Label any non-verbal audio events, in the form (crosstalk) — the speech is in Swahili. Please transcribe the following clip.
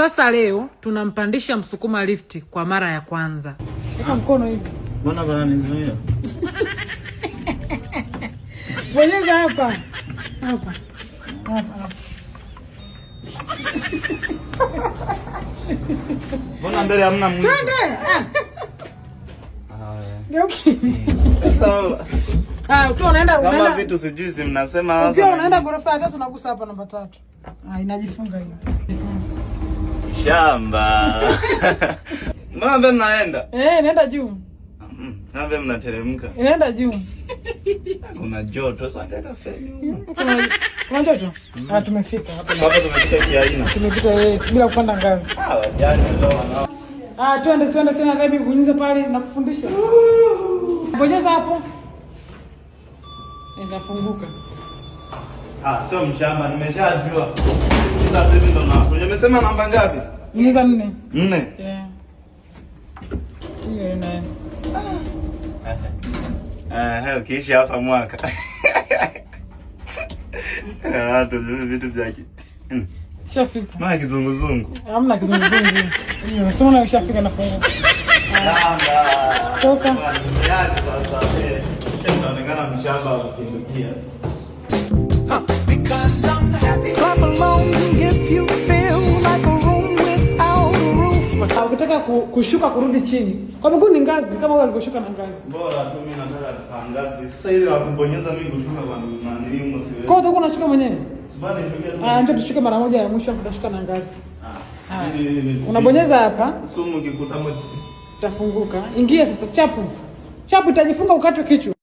Sasa leo tunampandisha msukuma lifti kwa mara ya kwanza. Weka mkono hivi. Mbona bana nizuia? (laughs) Bonyeza hapa. Hapa. Hapa. Mbona mbele hamna mguu? Twende. Ah. ah, ukiwa unaenda unaenda. Kama vitu sijui zimnasema, mnasema Ukiwa unaenda ghorofa ya tatu unagusa hapa namba tatu. Ah, inajifunga hiyo shamba (laughs) mbona mnaenda? Eh, naenda juu. Mm, Nambe mnateremka. Inaenda eh, juu. Ah, kuna joto. Sasa nataka feni. Hmm, kuna joto? Hmm. Ah, tumefika hapa. Hapa tumefika kiaina. Tumepita yeye eh, bila kupanda ngazi. Ah, wajani ndio wanao. Ah, twende twende tena Rebi kunyuza pale na kufundisha. Bonyeza hapo. Inafunguka. Ah, sio mshamba, nimeshajua. Sasa hivi ndo nafunja. Umesema namba ngapi? Niza nne. Nne? Yeah. Hiyo ina. Ah, (laughs) ukiishi hapa mwaka. Ah, ndo vile vitu vyake. Hmm. Shafika. Mwana kizunguzungu. Hamna kizunguzungu. Hiyo, sio na shafika na fungu. Namba. Toka. Niache sasa. Ndio, eh, Inaonekana mshamba ukipindukia. kushuka kurudi chini kwa miguu ni ngazi, kama wewe ulivyoshuka na ngazi. Bora tu mimi nataka kupangazi sasa, ile ya kubonyeza mimi kushuka kwa mimi siwezi. Kwa hiyo utakuwa unashuka mwenyewe, Subani shukia tu. Ah, ndio tushuke mara moja ya mwisho, afu tutashuka na ngazi. Ah, ah. unabonyeza hapa, sumu kikutamu Tafunguka. Ingia sasa, chapu chapu, itajifunga ukatwe kichwa.